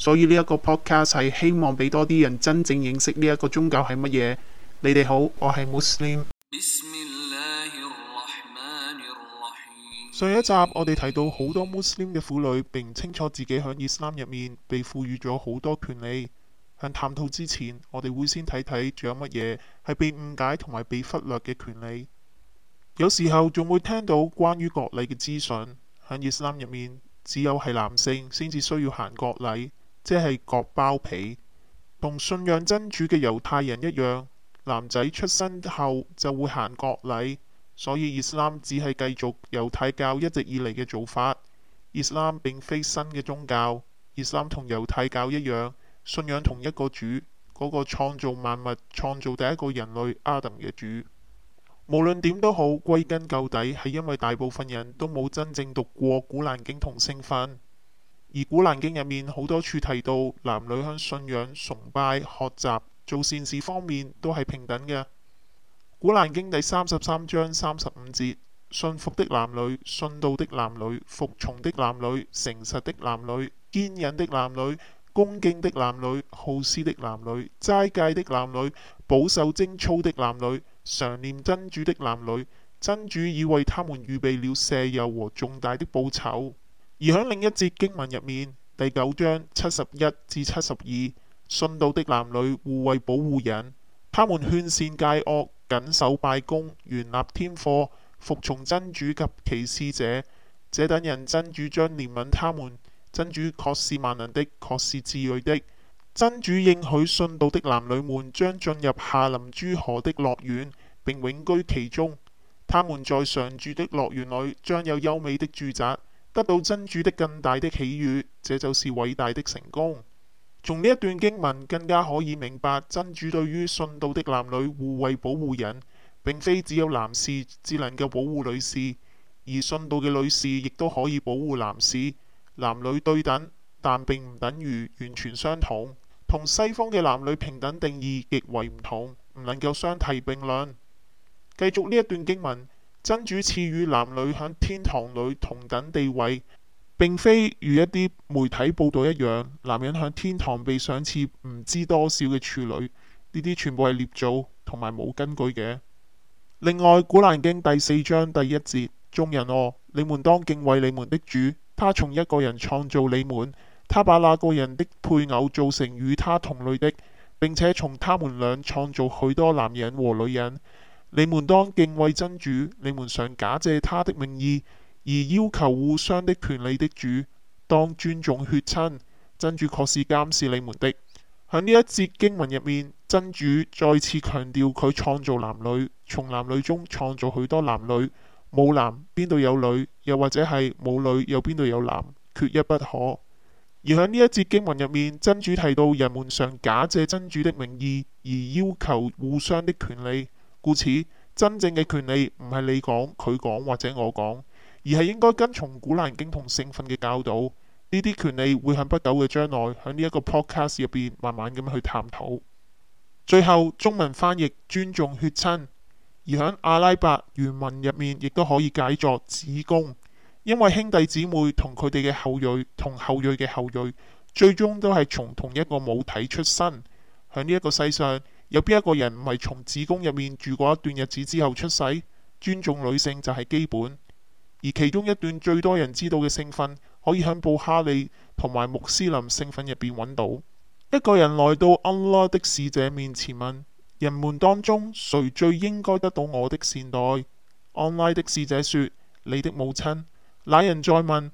所以呢一個 podcast 係希望俾多啲人真正認識呢一個宗教係乜嘢。你哋好，我係 Muslim。上一集我哋提到好多 Muslim 嘅婦女並唔清楚自己喺 Islam 入面被賦予咗好多權利。喺探討之前，我哋會先睇睇仲有乜嘢係被誤解同埋被忽略嘅權利。有時候仲會聽到關於割禮嘅資訊。喺 Islam 入面，只有係男性先至需要行割禮。即係割包皮，同信仰真主嘅猶太人一樣，男仔出生後就會行割禮，所以伊斯蘭只係繼續猶太教一直以嚟嘅做法。伊斯蘭並非新嘅宗教，伊斯蘭同猶太教一樣，信仰同一個主，嗰個創造萬物、創造第一個人類亞當嘅主。無論點都好，歸根究底係因為大部分人都冇真正讀過《古蘭經》同聖訓。而《古蘭經》入面好多處提到，男女向信仰、崇拜、學習、做善事方面都係平等嘅。《古蘭經》第三十三章三十五節：信服的男女、信道的男女、服從的男女、誠實的男女、堅忍的男女、恭敬的男女、好施的男女、齋戒的男女、保守貞操的男女、常念真主的男女，真主已為他們預備了赦宥和重大的報酬。而喺另一節經文入面，第九章七十一至七十二，信道的男女互為保護人，他們勸善戒惡，謹守拜功、原立天課，服從真主及其使者。這等人真主將憐憫他們，真主確是萬能的，確是至睿的。真主應許信道的男女們將進入下臨諸河的樂園，並永居其中。他們在常住的樂園裏將有優美的住宅。得到真主的更大的喜悅，這就是偉大的成功。從呢一段經文更加可以明白，真主對於信道的男女互為保護人，並非只有男士至能夠保護女士，而信道嘅女士亦都可以保護男士，男女對等，但並唔等於完全相同，同西方嘅男女平等定義極為唔同，唔能夠相提並論。繼續呢一段經文。真主賜予男女喺天堂裏同等地位，並非如一啲媒體報道一樣，男人喺天堂被賞賜唔知多少嘅處女。呢啲全部係捏造同埋冇根據嘅。另外，《古蘭經》第四章第一節：眾人哦，你們當敬畏你們的主，他從一個人創造你們，他把那個人的配偶做成與他同類的，並且從他們倆創造許多男人和女人。你們當敬畏真主，你們常假借他的名義而要求互相的權利的主，當尊重血親。真主確是監視你們的。喺呢一節經文入面，真主再次強調佢創造男女，從男女中創造許多男女，冇男邊度有女，又或者係冇女又邊度有男，缺一不可。而喺呢一節經文入面，真主提到人們常假借真主的名義而要求互相的權利。故此，真正嘅權利唔係你講佢講或者我講，而係應該跟從古蘭經同聖訓嘅教導，呢啲權利會響不久嘅將來響呢一個 podcast 入邊慢慢咁去探討。最後中文翻譯尊重血親，而響阿拉伯原文入面亦都可以解作子宮，因為兄弟姊妹同佢哋嘅後裔同後裔嘅後裔，最終都係從同一個母體出身，響呢一個世上。有邊一個人唔係從子宮入面住過一段日子之後出世？尊重女性就係基本。而其中一段最多人知道嘅聖訓，可以響布哈利同埋穆斯林聖訓入邊揾到。一個人來到安拉的使者面前問：人們當中誰最應該得到我的善待？安拉的使者說：你的母親。那人再問：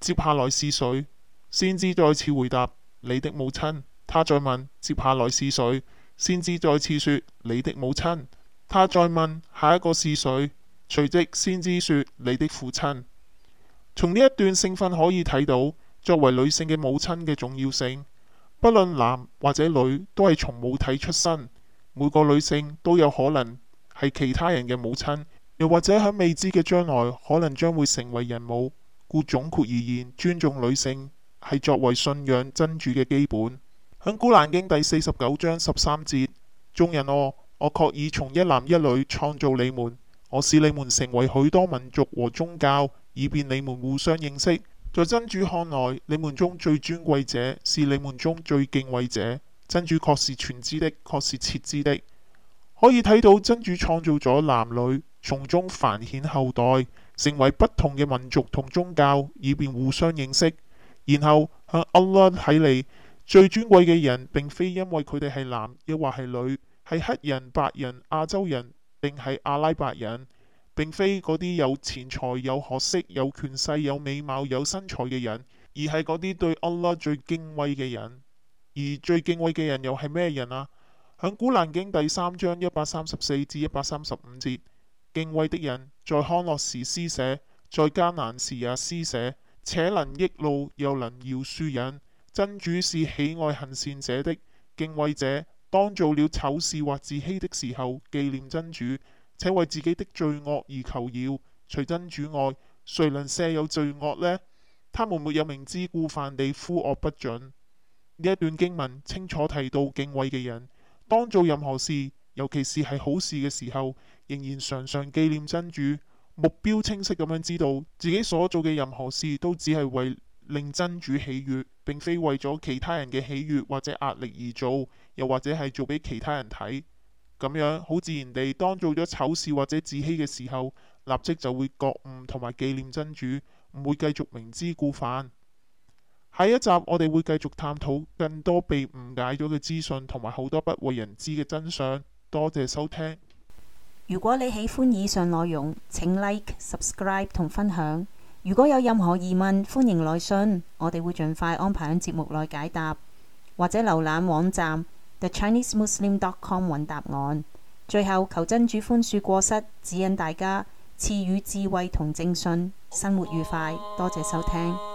接下來是誰？先知再次回答：你的母親。他再問：接下來是誰？先知再次說：你的母親。他再問下一個是誰？隨即先知說：你的父親。從呢一段聖訓可以睇到，作為女性嘅母親嘅重要性。不論男或者女，都係從母體出身。每個女性都有可能係其他人嘅母親，又或者喺未知嘅將來，可能將會成為人母。故總括而言，尊重女性係作為信仰真主嘅基本。喺《古蘭經》第四十九章十三節，眾人哦，我確已從一男一女創造你們，我使你們成為許多民族和宗教，以便你們互相認識。在真主看來，你們中最尊貴者是你們中最敬畏者。真主確是全知的，確是徹知的。可以睇到真主創造咗男女，從中繁衍後代，成為不同嘅民族同宗教，以便互相認識。然後向安拉喺你。最尊貴嘅人，並非因為佢哋係男抑或係女，係黑人、白人、亞洲人定係阿拉伯人，並非嗰啲有錢財、有學識、有權勢、有美貌、有身材嘅人，而係嗰啲對安拉最敬畏嘅人。而最敬畏嘅人又係咩人啊？響古蘭經第三章一百三十四至一百三十五節，敬畏的人在，在康樂時施捨，在艱難時也施捨，且能抑怒，又能饒恕人。真主是喜愛行善者的。敬畏者當做了醜事或自欺的時候，紀念真主，且為自己的罪惡而求饒。除真主外，誰能赦宥罪惡呢？他們沒有明知故犯地怙惡不悛。呢一段經文清楚提到，敬畏嘅人當做任何事，尤其是係好事嘅時候，仍然常常紀念真主，目標清晰咁樣知道自己所做嘅任何事都只係為。令真主喜悅，並非為咗其他人嘅喜悅或者壓力而做，又或者係做俾其他人睇，咁樣好自然地當做咗醜事或者自欺嘅時候，立即就會覺悟同埋紀念真主，唔會繼續明知故犯。下一集我哋會繼續探討更多被誤解咗嘅資訊同埋好多不為人知嘅真相。多謝收聽。如果你喜歡以上內容，請 Like、Subscribe 同分享。如果有任何疑問，歡迎來信，我哋會盡快安排喺節目內解答，或者瀏覽網站 TheChineseMuslim.com 揾答案。最後，求真主寬恕過失，指引大家，賜予智慧同正信，生活愉快。多謝收聽。